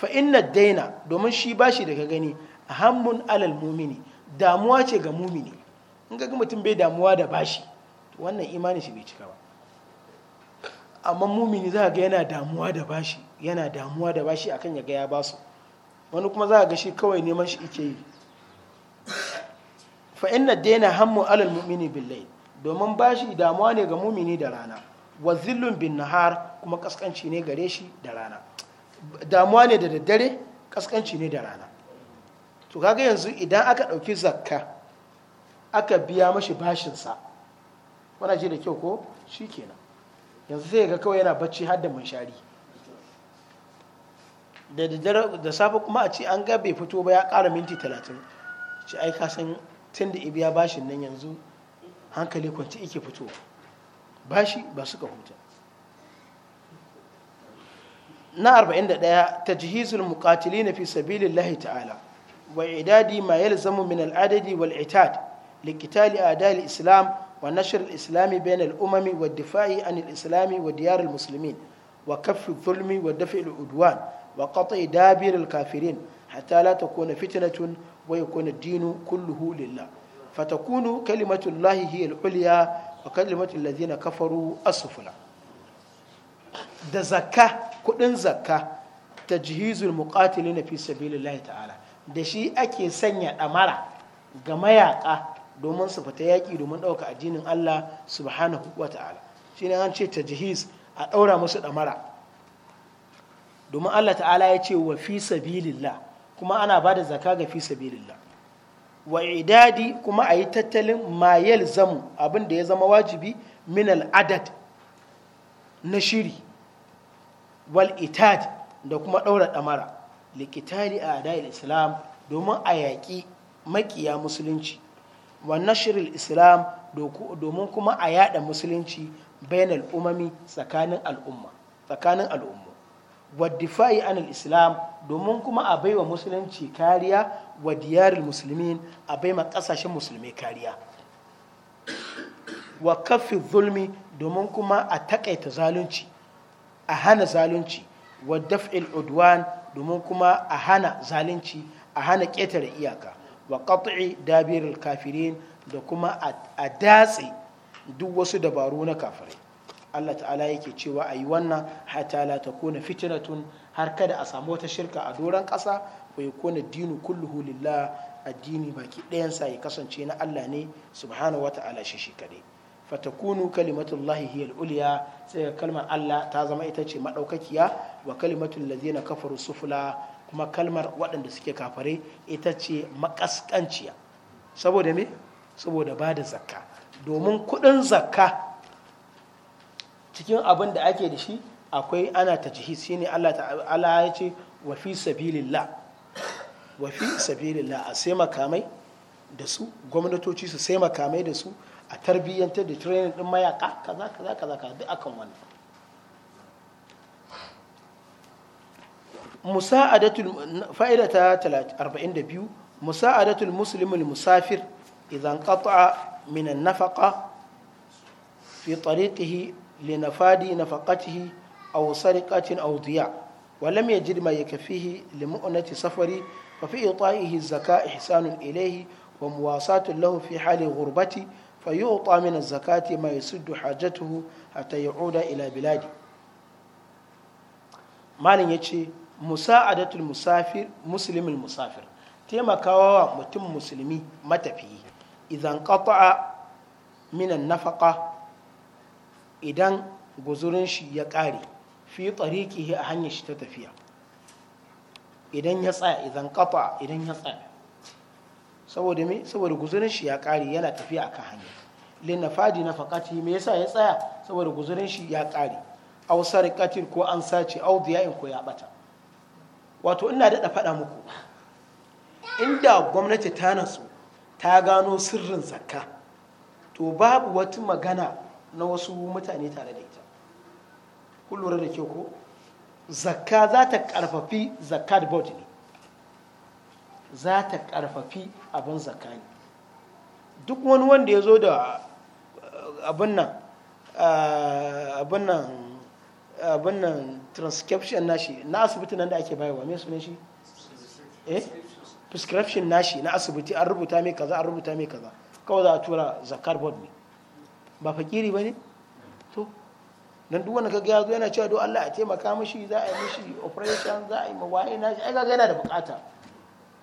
fa inna daina domin shi bashi da ka gani hammun alal mumini damuwa ce ga mumini in ga mutum bai damuwa da bashi shi wannan imanin shi bai cika ba amma mumini za ga yana damuwa da bashi yana damuwa da bashi akan ya ga ya basu wani kuma za ga shi kawai neman shi ike yi fa inna daina hammun alal mumini billahi domin bashi damuwa ne ga mumini da rana wa zillun bin nahar kuma kaskanci ne gare shi da rana damuwa ne da daddare kaskanci ne da rana to kaga yanzu idan aka ɗauki zakka aka biya mashi bashinsa wana ji da kyau ko shi kenan yanzu sai ga kawai yana bacci har da munshari da safe kuma a ce an ga bai fito ba ya kara minti talatin ce ai ka san tun da ibiya bashin nan yanzu hankali kwanci ike fito bashi ba suka huta na 41 tajhizul muqatilina fi sabilillahi ta'ala wa idadi ma yalzamu min al-adadi wal itad liqitali a'da'il islam wa nashr al-islam bain al-umam wa difa'i an al-islam wa diyar al-muslimin wa kaffi al wa daf'i al-udwan wa qat'i dabir al-kafirin hatta la takuna fitnatun wa yakuna ad-dinu kulluhu lillah fatakunu kalimatullahi hiya al-ulya wa kalimatu alladhina kafaru asfula da zakka kudin zakka ta jihizul muqatili na fi sabilillahi ta'ala da shi ake sanya ɗamara ga mayaka domin su fita yaƙi domin ɗauka addinin Allah subhanahu wa ta'ala shi ne an ce ta jihiz a ɗaura musu ɗamara domin Allah ta'ala ya ce wa fi sabilillah kuma ana ba da zaka ga fi sabilillah wa idadi kuma a yi tattalin mayel zamu abin da ya zama wajibi min al'adad na shiri wal itad da kuma ɗaura ɗamara likitari a adayil islam domin a yaƙi maƙiya musulunci wa nashril islam domin kuma a yaɗa musulunci bayan umami tsakanin al'umma tsakanin al'umma wa fa’i an islam domin kuma a baiwa musulunci kariya wa diyaril musulmi a baiwa ƙasashen musulmi kariya wa kafin zulmi domin kuma a taƙaita zalunci a hana zalunci wa daf'il udwan domin kuma a hana zalunci a hana ƙetare iyaka wa qat'i dabirul kafirin da kuma a datse duk wasu dabaru na kafirai Allah ta'ala yake cewa a yi wannan hata la takuna tun har kada a samu wata shirka a doron ƙasa wa yakuna dinu kulluhu lillah addini baki ɗayansa ya kasance na Allah ne subhanahu wa ta'ala shi shi kadai fatakunu kalimatullahi hiyal uliya sai kalmar Allah ta zama ita ce maɗaukakiya wa kalimatul ladzina kafaru sufula kuma kalmar waɗanda suke kafare ita ce makaskanciya saboda me saboda ba da zakka domin kuɗin zakka cikin abin da ake da shi akwai ana ta shi ne Allah ya ce wa fi sabilillah wa a sai makamai da su gwamnatoci su sai makamai da su a tarbiyyantar da training din mayaka kaza kaza kaza kaza duk akan wannan musa'adatul fa'ida ta 42 musa'adatul muslimul musafir idan qata'a min an-nafaqa fi tariqihi li nafadi nafaqatihi aw sariqatin aw diya wa lam yajid ma yakfihi li mu'nati safari fa fi ita'ihi zakah ihsanun ilayhi wa muwasatun lahu fi hali ghurbati فيعطى من الزكاة ما يسد حاجته حتى يعود إلى بلاده مالن يجي مساعدة المسافر مسلم المسافر تيما كواوا متم مسلمي متفي إذا انقطع من النفقة إذا guzurin shi ya ƙare fi tsariƙihi a hanyar shi ta tafiya idan ya tsaya idan kafa idan ya tsaya saboda me saboda guzurin shi ya kare yana tafiya akan hanya lin fadi na faqati me yasa ya tsaya saboda guzurin shi ya kare aw sarqatin ko an sace aw diya'in ko ya bata wato ina daɗa faɗa muku inda gwamnati ta nasu ta gano sirrin zakka to babu wata magana na wasu mutane tare da ita kun da ke ko zakka za ta karfafi zakat da bautini za ta karfafi abin zakani duk wani wanda ya zo da eh, eh, abin nan abin nan transcription nashi na asibiti nan da ake bayarwa me sunan shi eh prescription nashi na asibiti an rubuta mai kaza an rubuta mai kaza kawai za a tura zakar board ne ba fakiri ba ne to don duk wanda kaga ya zo yana cewa don Allah a taimaka mashi za a yi mashi operation za a yi mawaye nashi ai kaga yana da bukata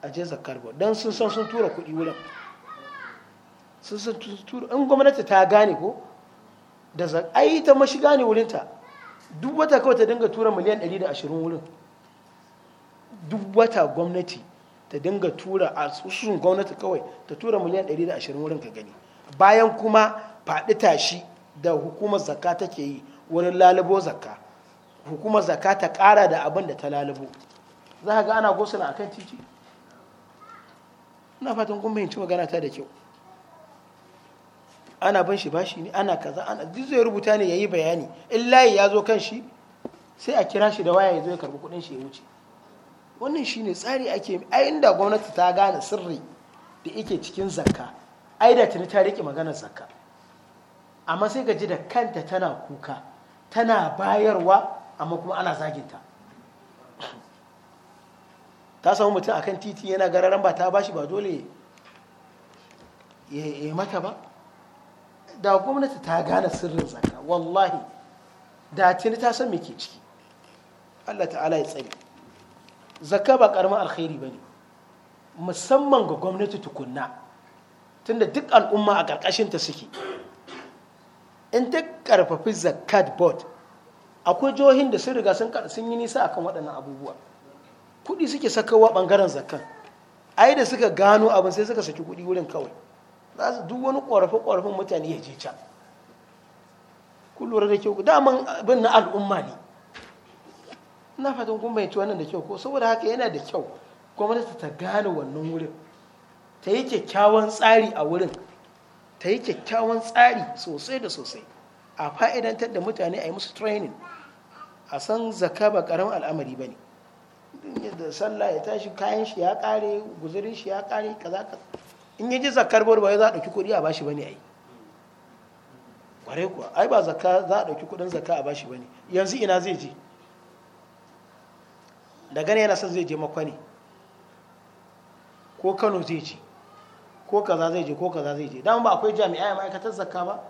a je zakar ba don sun san sun tura kuɗi wurin sun san sun tura in gwamnati ta gane ko da zak ai ta mashiga gane wurinta duk wata kawai ta dinga tura miliyan 120 wurin duk wata gwamnati ta dinga tura a tsusun gwamnati kawai ta tura miliyan 120 wurin ka gani bayan kuma faɗi tashi da hukumar zakka take yi wurin lalubo zakka hukumar zakka ta ƙara da abin da ta lalubo za ka ga ana gosula akan titi ina fatan kun fahimci magana ta da kyau ana ban shi bashi ne ana kaza ana zai rubuta ne ya yi bayani in layi ya zo kan shi sai a kira shi da waya ya zo ya karbi kuɗin shi ya wuce wannan shi ne tsari ake ai inda gwamnati ta gane sirri da yake cikin zakka ai da tuni ta rike maganar zakka amma sai gaji da kanta tana kuka tana bayarwa amma kuma ana zaginta ta samu mutum akan titi yana gararan ba ta bashi ba dole ya yi mata ba da gwamnati ta gane sirrin zaka wallahi da tuni ta san me ciki Allah ta'ala ya tsari zakka ba karamin alkhairi bane musamman ga gwamnati tukunna tunda duk al'umma a ƙarƙashinta ta suke in ta karfafi zakat board akwai jihohin da sun riga sun yi nisa akan waɗannan abubuwa kuɗi suke sakawa bangaren zakan ai da suka gano abin sai suka saki kuɗi wurin kawai za su duk wani ƙorafe-ƙorafen mutane ya je can ku lura da kyau daman abin na al'umma ne na fatan kun bayyanci wannan da kyau ko saboda haka yana da kyau gwamnati ta gane wannan wurin ta yi kyakkyawan tsari a wurin ta yi kyakkyawan tsari sosai da sosai a fa'idantar da mutane a yi musu training a san zaka ba ƙaramin al'amari ba ne da sallah ya tashi kayan shi ya kare guzurin shi ya kare kaza kaza in yaji zakar bar bai za a dauki kudi a bashi bane ai kware kuwa ai ba zakka za a dauki kudin zakka a bashi bane yanzu ina zai je da gane yana son zai je makwani ko Kano zai je ko kaza zai je ko kaza zai je dan ba akwai jami'a ya ma'aikatar zakka ba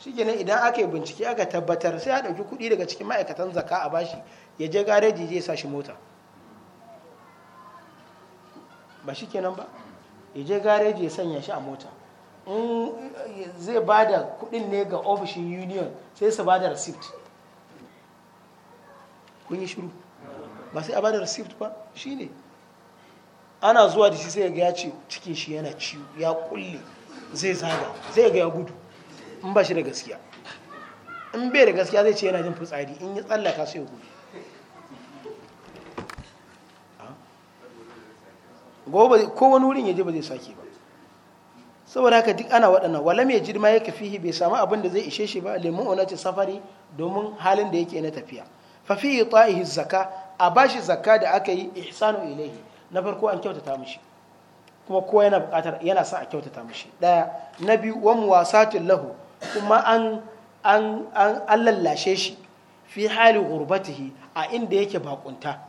shikenan idan aka yi bincike aka tabbatar sai a dauki kuɗi daga cikin ma'aikatan zakka a bashi ya je gareji je sa shi mota ba shi kenan ba ya je gareji ya sanya shi a mota in zai ba da kudin ne ga ofishin union sai su ba da receipt kun yi shiru ba sai a ba da receipt ba shi ne ana zuwa da shi sai ga ya ce cikin shi yana ciwo ya kulle zai zaga zai ga ya gudu in ba shi da gaskiya in bai da gaskiya zai ce yana jin fitsari in yi tsallaka sai ya gudu gobe ko wani wurin ya ji ba zai sake ba saboda haka duk ana waɗannan walam ya jirma ya kafihi bai samu abin da zai ishe shi ba lemun onace safari domin halin da yake na tafiya fa yi ta'ihi zaka a bashi zaka da aka yi ihsanu ilaihi na farko an kyautata mishi kuma ko yana buƙatar yana sa a kyautata mishi ɗaya na biyu wa muwasatin lahu kuma an an an lallashe shi fi hali gurbatihi a inda yake bakunta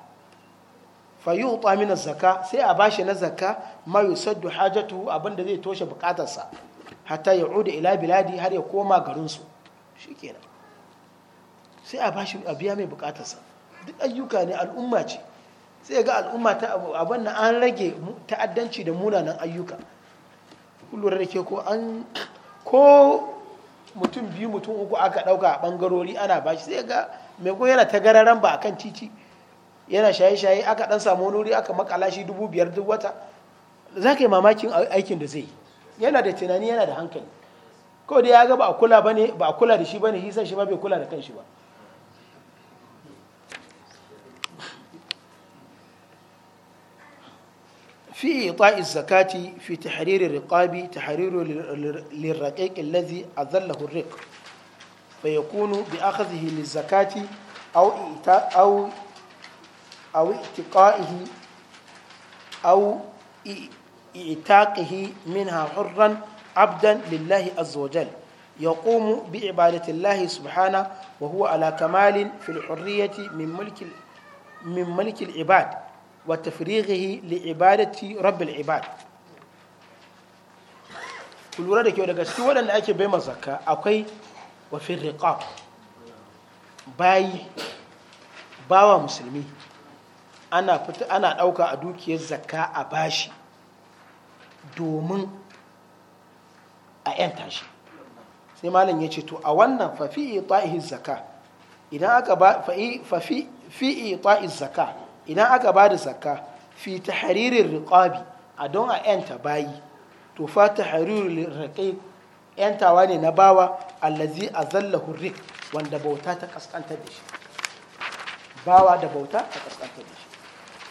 fayuta min zaka sai a bashi na zaka ma yusaddu hajatuhu abinda zai toshe bukatarsa hatta ya uda ila biladi har ya koma garinsu shikenan sai a bashi a biya mai bukatarsa duk ayyuka ne al'umma ce sai ga al'umma ta abin nan an rage ta'addanci da munanan ayyuka kullum da ke ko an ko mutum biyu mutum uku aka dauka a bangarori ana bashi sai ga mai goyana ta gararan ba kan titi yana shaye-shaye aka dan samu wani wuri aka makala shi dubu biyar duk wata za ka yi mamakin aikin da zai yi yana da tunani yana da hankali ko da ya ga ba a kula ba ne ba a kula da shi ba ne shi san shi ba bai kula da kanshi ba في إعطاء الزكاة في تحرير الرقاب تحرير للرقيق الذي أذله الرق فيكون بأخذه للزكاة أو أو aw itiqa'ihi aw i'taqihi minha abdan lillahi azza wa jal يقوم بعبادة الله سبحانه وهو على كمال في الحرية من ملك من ملك العباد وتفريغه لعبادة رب العباد ku lura da kyau daga cikin waɗanda ake bai zakka akwai wafin riƙa bayi bawa musulmi ana fita ana ɗauka a dukiyar zakka a bashi domin a 'yanta shi sai malam ya ce to a wannan fafi'i ta'ihi zakka idan aka ba fafi fi'i ta'i zakka idan aka ba da zakka fi tahririr riqabi a don a 'yanta bayi to fa tahririr riqab 'yantawa ne na bawa allazi azallahu rik wanda bauta ta kaskantar da shi bawa da bauta ta kaskantar da shi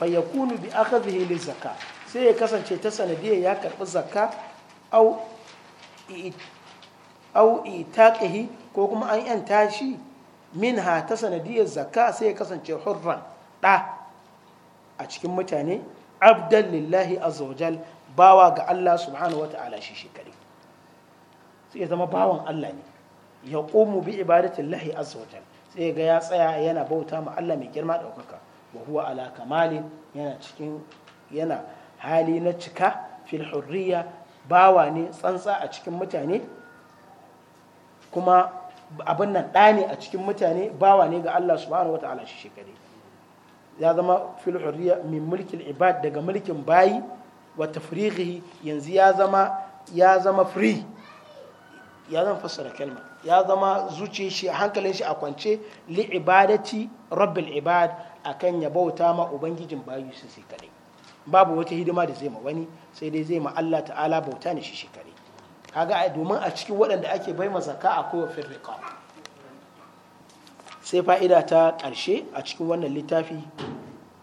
fa yakunu bi akhadhihi li zaka sai ya kasance ta sanadiyar ya karbi zaka au au ko kuma an yanta shi minha ta sanadiyar zaka sai ya kasance hurran da a cikin mutane abdan lillahi azawajal bawa ga Allah subhanahu wa ta'ala shi sai ya zama bawan Allah ne ya ƙomu bi ibadatin lahi azawajal sai ga ya tsaya yana bauta ma Allah mai girma ɗaukaka wa huwa ala kamalin yana cikin yana hali na cika fil hurriya bawa ne tsantsa a cikin mutane kuma abin nan ɗa ne a cikin mutane bawa ne ga Allah subhanahu wata'ala shi shekare ya zama fil hurriya min mulkin ibad daga mulkin bayi wa tafrighihi yanzu ya zama ya zama free ya zama fassara kalma ya zama zuciya shi hankalin shi a kwance li ibadati rabbil ibad akan ya bauta ma ubangijin bayu su sai kadai babu wata hidima da zai ma wani sai dai zai ma Allah ta'ala bauta ne shi shi kadai kaga domin a cikin waɗanda ake bai zaka a wa firriqa sai fa'ida ta ƙarshe a cikin wannan littafi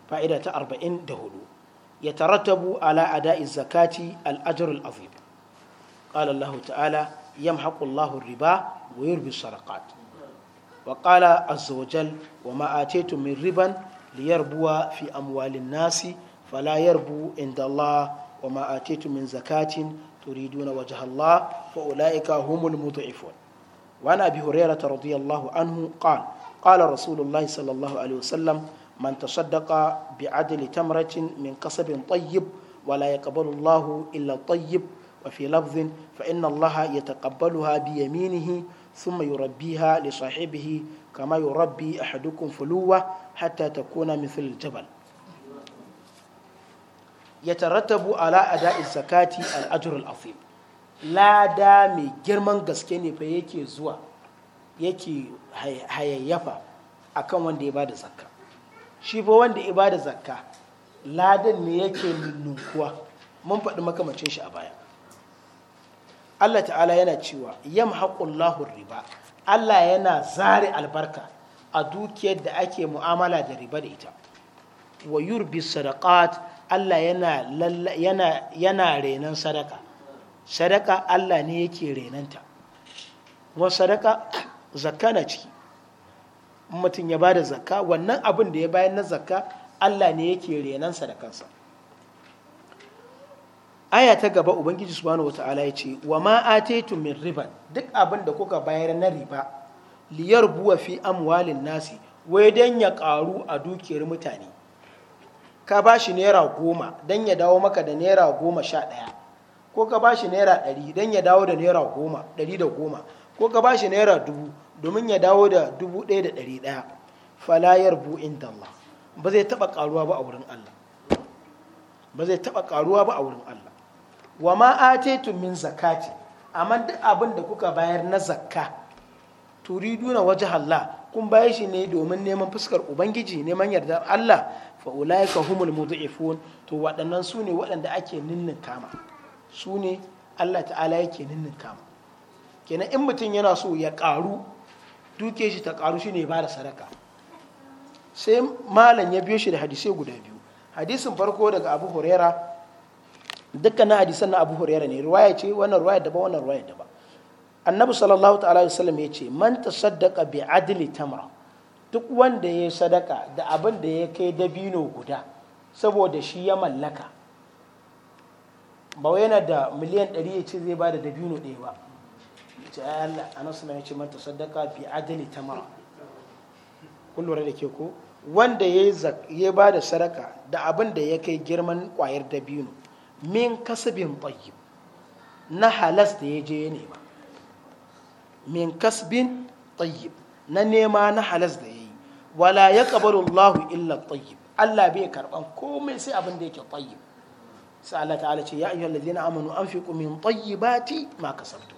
fa'ida ta 44 ya tarattabu ala ada'i zakati al-ajr al-azim qala Allah ta'ala yamhaqu Allahu riba wa yurbi sadaqat وقال عز وجل وما آتيتم من ربا liyarbuwa fi amwalin nasi fala yarbu inda Allah wa ma atitu min zakatin turiduna wajha Allah fa ulaika humul mud'ifun wa ana bi hurairah radiyallahu anhu qala qala rasulullah sallallahu alaihi wasallam man tasaddaqa bi adli tamratin min kasabin tayyib ولا يقبل الله إلا الطيب وفي لفظ فإن الله يتقبلها بيمينه ثم يربيها لصاحبه kama yurabbi ahadukum fuluwa hatta ta kona al-jabal tarattabu ala ada'i zakati al-ajr al-azim lada mai girman gaske ne fa yake zuwa yake hayayyafa akan wanda ya bada zakka shi fa wanda ya bada zakka ladan ne yake nunkuwa mun faɗi makamacin shi a baya Allah ta'ala yana cewa yamhaqullahu riba Allah yana zare albarka a dukiyar da ake mu'amala da riba da ita wa yurbi sadaqat Allah yana yana yana renan sadaka sadaka Allah ne yake renanta wa sadaka zakka na ciki mutum ya bada zakka wannan abin da ya bayar na zakka Allah ne yake renan sadakansa aya ta gaba ubangiji subhanahu wata'ala ya ce wa ma ataitu min riban duk abin da kuka bayar na riba liyar buwa fi amwalin nasi wai dan ya karu a dukiyar mutane ka bashi shi naira goma dan ya dawo maka da naira goma sha ɗaya ko ka ba naira ɗari dan ya dawo da naira goma ɗari da goma ko ka ba naira dubu domin ya dawo da dubu ɗaya da ɗari ɗaya falayar bu'in Allah ba zai taɓa ƙaruwa ba a wurin Allah ba zai taɓa karuwa ba a wurin Allah wa ma ataitum min zakati amma duk abin da kuka bayar na zakka turiduna waje Allah kun bayar shi ne domin neman fuskar ubangiji neman yardar Allah fa ulaika humul mudhifun to waɗannan su ne waɗanda ake ninnin kama su ne Allah ta'ala yake ninnin kama kenan in mutum yana so ya ƙaru duke shi ta ƙaru shi ne ba da sadaka sai malam ya biyo shi da hadisai guda biyu hadisin farko daga abu huraira dukkanin hadisan na abu huraira ne ruwaya ce wannan ruwaya daban wannan ruwaya daban annabi sallallahu ta'ala wa sallam ya ce man tasaddaqa bi adli tamra duk wanda ya sadaka da abin da ya kai dabino guda saboda shi ya mallaka ba yana da miliyan 100 ya ce zai ba da dabino ɗaya ba ce Allah anas ya ce man tasaddaqa bi adli tamra kun lura da ke ko wanda ya ba da sadaka da abin da ya kai girman kwayar dabino min kasbin tayyib na halas da ya je ya nema min kasbin tayyib na nema na halas da ya yi wala ya kabaru Allah illa tayyib Allah bai karban komai sai abin da yake tayyib sai Allah ta'ala ce ya ayyuhal ladina amanu anfiqu min tayyibati ma kasabtu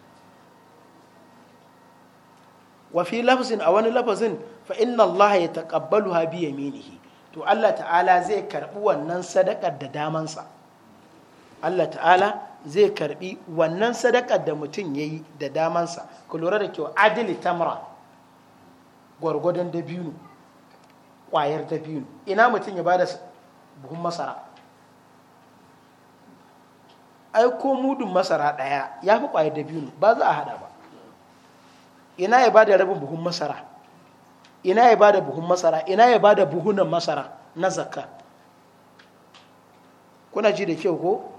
wa fi lafzin a wani lafazin fa inna Allah ya taqabbaluha bi yaminihi to Allah ta'ala zai karbi wannan sadakar da damansa Allah ta'ala zai karbi wannan sadakar da mutum ya yi da damansa ku lura da kyau adili tamra gwargwadon dabino kwayar dabino ina mutum ya bada buhun masara ai ko mudun masara ɗaya ya fi kwayar dabino ba za a hada ba ina ya bada rabin buhun masara ina ya bada buhun masara ina ya bada buhunan masara na zakka kuna ji da kyau ko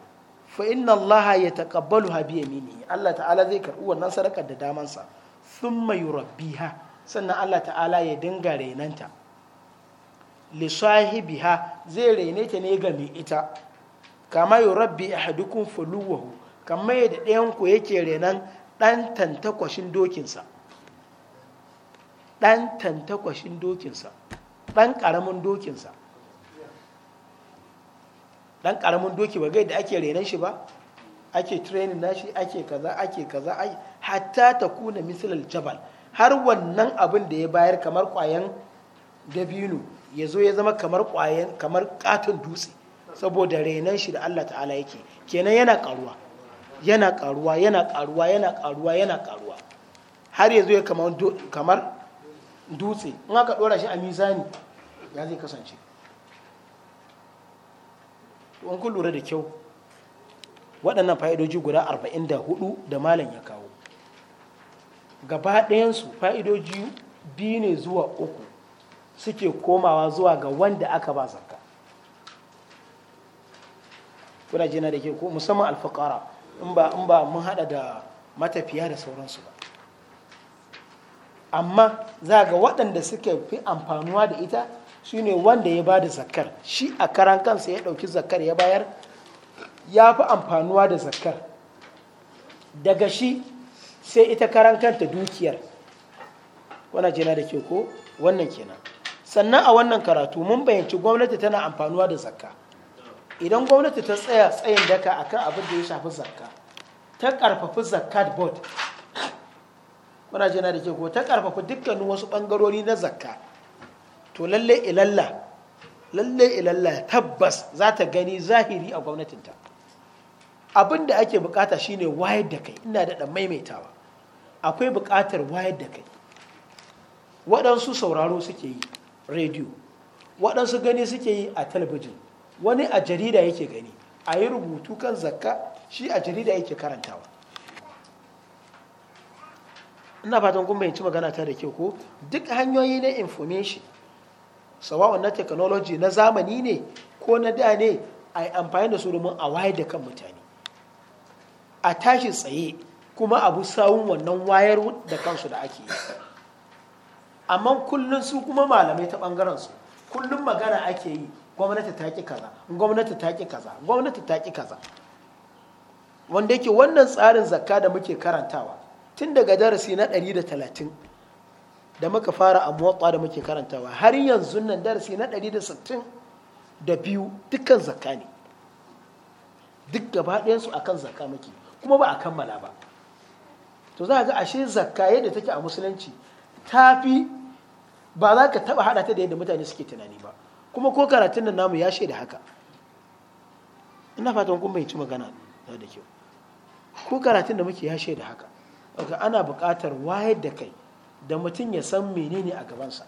fa inna Allah ya taƙabbalu ha bi yamini Allah ta'ala zai karɓi wannan sadakar da damansa thumma yurabbiha sannan Allah ta'ala ya dinga renanta li sahibiha zai rene ta ne ga mai ita kama yurabbi ahadukum fuluwahu kamar yadda ɗayan ku yake renan ɗan tantakwashin dokinsa ɗan tantakwashin dokinsa ɗan ƙaramin dokinsa dan karamin doki ba gai da ake renon shi ba ake training nashi ake kaza ake kaza ai hatta ta kuna misalal jabal har wannan abin da ya bayar kamar kwayan dabino ya zo ya zama kamar kwayan kamar katon dutse saboda renon shi da Allah ta'ala yake kenan yana karuwa yana karuwa yana karuwa yana karuwa yana karuwa har ya zo ya kamar dutse in aka dora shi a mizani ya zai kasance in kun lura da kyau waɗannan fa'idoji guda 44 da malam ya kawo gaba ɗayansu fa'idoji biyu ne zuwa uku suke komawa zuwa ga wanda aka ba zakka kuna jina da ke ko musamman alfakara in ba mun haɗa da matafiya da sauransu ba amma za ga waɗanda suka fi amfanuwa da ita ne wanda ya ba da zakar shi a karan kansa ya ɗauki zakar ya bayar ya fi amfanuwa da zakar daga shi sai ita karan kanta dukiyar wana jina da ke ko wannan kenan sannan a wannan karatu mun bayanci gwamnati tana amfanuwa da zakka idan gwamnati ta tsaya tsayin daka akan abin da ya shafi zakka ta karfafi zakat board wana jina da ke ko ta karfafi dukkanin wasu bangarori na zakka to lalle ilalla lalle ilalla tabbas za ta gani zahiri a gwamnatinta abin da ake bukata shine wayar da kai ina da maimaitawa akwai bukatar wayar da kai waɗansu sauraro suke yi rediyo waɗansu gani suke yi a talabijin wani a jarida yake gani a yi rubutu kan zakka shi a jarida yake karantawa ina fatan kun yanci magana ta da kyau ko duk hanyoyi na information sawa'un na technology na zamani ne ko na da ne a yi amfani da su domin a wayar da kan mutane a tashi tsaye kuma abu sawun wannan wayar da kansu da ake yi amma kullum su kuma malamai ta ɓangaren su kullum magana ake yi gwamnati ta ki kaza gwamnati ta ki kaza gwamnati ta ki kaza wanda yake wannan tsarin zakka da muke karantawa tun daga darasi na 130 da muka fara a motsa da muke karantawa har yanzu nan darasi na 160 da biyu dukkan zakka ne duk gaba ɗayansu a kan zakka muke kuma ba a kammala ba to za ga ashe zakka yadda take a musulunci ta fi ba za ka taɓa haɗa ta da yadda mutane suke tunani ba kuma ko karatun nan namu ya shaida haka ina fatan kun bai ci magana da kyau ko karatun da muke ya shaida haka ana buƙatar wayar da kai da mutum ya san menene a gabansa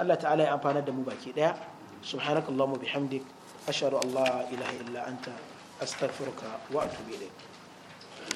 Allah ta'ala ya amfanar da mu baki daya subhanakallahumma bihamdik ashhadu an la ilaha illa anta astaghfiruka wa atubu ilayk